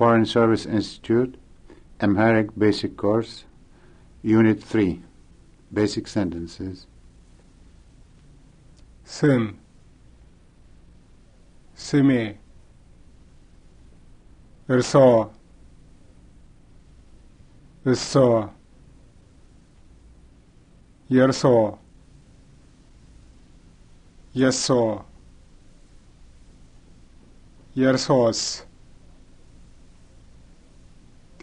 Foreign Service Institute, Amharic Basic Course, Unit 3, Basic Sentences. ስም ስሜ እርሶ እሶ የእርሶ የሶ yersos.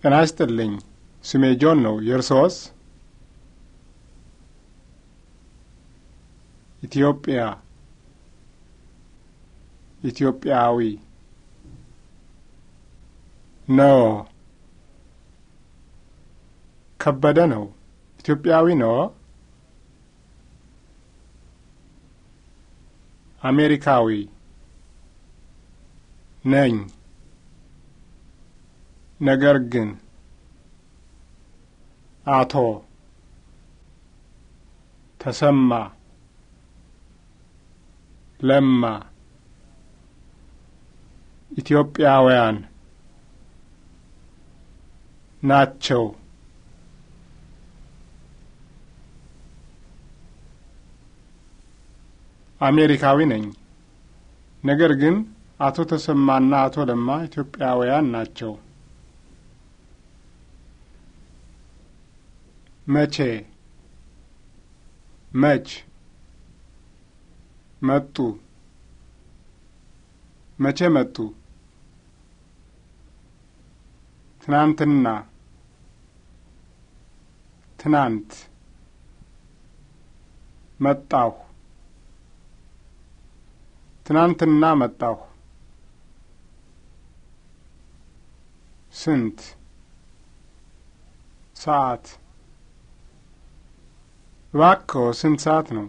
ጤና ይስጥልኝ። ስሜ ጆን ነው። የእርስዎስ? ኢትዮጵያ ኢትዮጵያዊ ነው። ከበደ ነው። ኢትዮጵያዊ ነው። አሜሪካዊ ነኝ። ነገር ግን አቶ ተሰማ ለማ ኢትዮጵያውያን ናቸው። አሜሪካዊ ነኝ። ነገር ግን አቶ ተሰማና አቶ ለማ ኢትዮጵያውያን ናቸው። መቼ መች መጡ መቼ መጡ ትናንትና ትናንት መጣሁ ትናንትና መጣሁ ስንት ሰዓት እባክዎ ስንት ሰዓት ነው?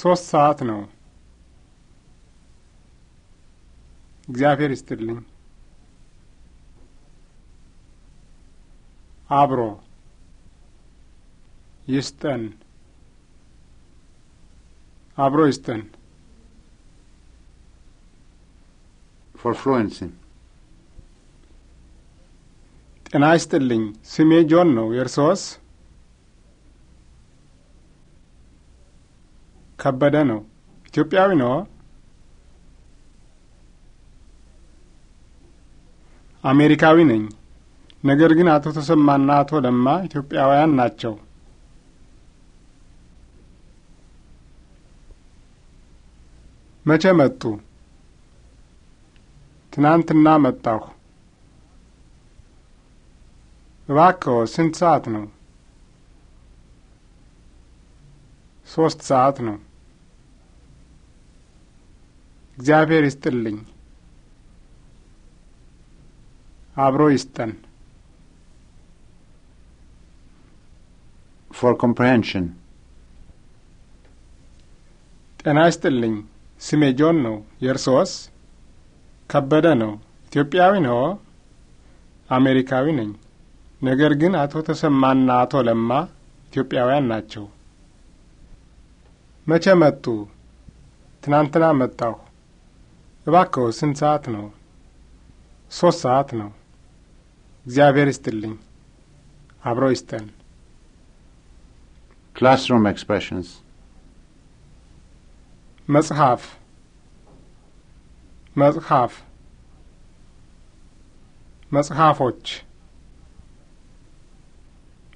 ሶስት ሰዓት ነው። እግዚአብሔር ይስጥልኝ። አብሮ ይስጠን። አብሮ ይስጠን። ፎር ፍሉዌንሲ ጤና ይስጥልኝ። ስሜ ጆን ነው። የእርስዎስ? ከበደ ነው። ኢትዮጵያዊ ነው? አሜሪካዊ ነኝ። ነገር ግን አቶ ተሰማና አቶ ለማ ኢትዮጵያውያን ናቸው። መቼ መጡ? ትናንትና መጣሁ። እባክዎ ስንት ሰዓት ነው? ሶስት ሰዓት ነው። እግዚአብሔር ይስጥልኝ። አብሮ ይስጠን። ፎር ኮምፕሬንሽን ጤና ይስጥልኝ። ስሜ ጆን ነው። የእርስዎስ? ከበደ ነው። ኢትዮጵያዊ ነው? አሜሪካዊ ነኝ። ነገር ግን አቶ ተሰማና አቶ ለማ ኢትዮጵያውያን ናቸው። መቼ መጡ? ትናንትና መጣሁ። እባክዎ ስንት ሰዓት ነው? ሶስት ሰዓት ነው። እግዚአብሔር ይስጥልኝ። አብሮ ይስጠን። ክላስሩም ኤክስፕሬሽንስ መጽሐፍ መጽሐፍ መጽሐፎች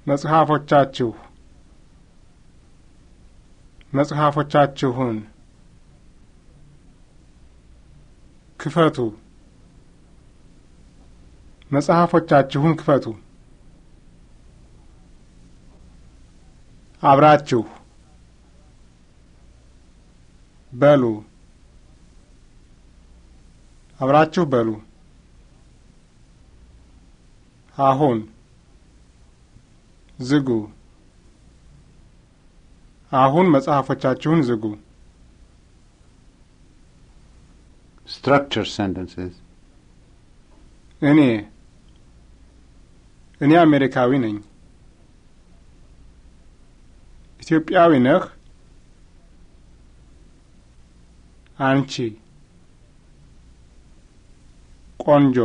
መጽሐፎቻችሁ መጽሐፎቻችሁን ክፈቱ መጽሐፎቻችሁን ክፈቱ። አብራችሁ በሉ አብራችሁ በሉ አሁን ዝጉ። አሁን መጽሐፎቻችሁን ዝጉ። ስትራክቸር sentences እኔ እኔ አሜሪካዊ ነኝ። ኢትዮጵያዊ ነህ። አንቺ ቆንጆ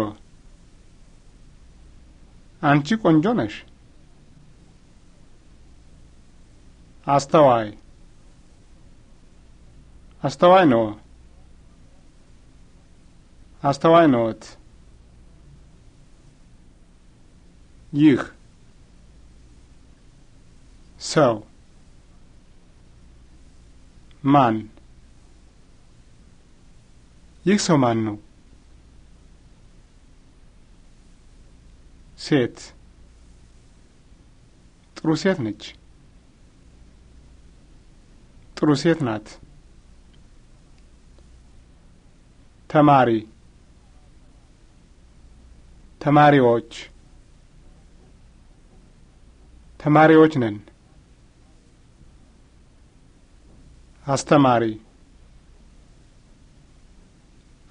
አንቺ ቆንጆ ነሽ። አስተዋይ አስተዋይ ነው። አስተዋይ ነዎት። ይህ ሰው ማን? ይህ ሰው ማን ነው? ሴት ጥሩ ሴት ነች። ጥሩ ሴት ናት። ተማሪ ተማሪዎች ተማሪዎች ነን። አስተማሪ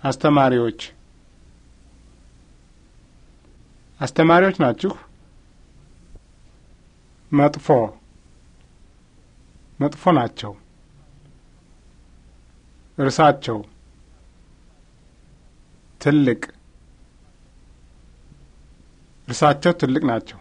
አስተማሪዎች አስተማሪዎች ናችሁ። መጥፎ መጥፎ ናቸው። እርሳቸው ትልቅ እርሳቸው ትልቅ ናቸው።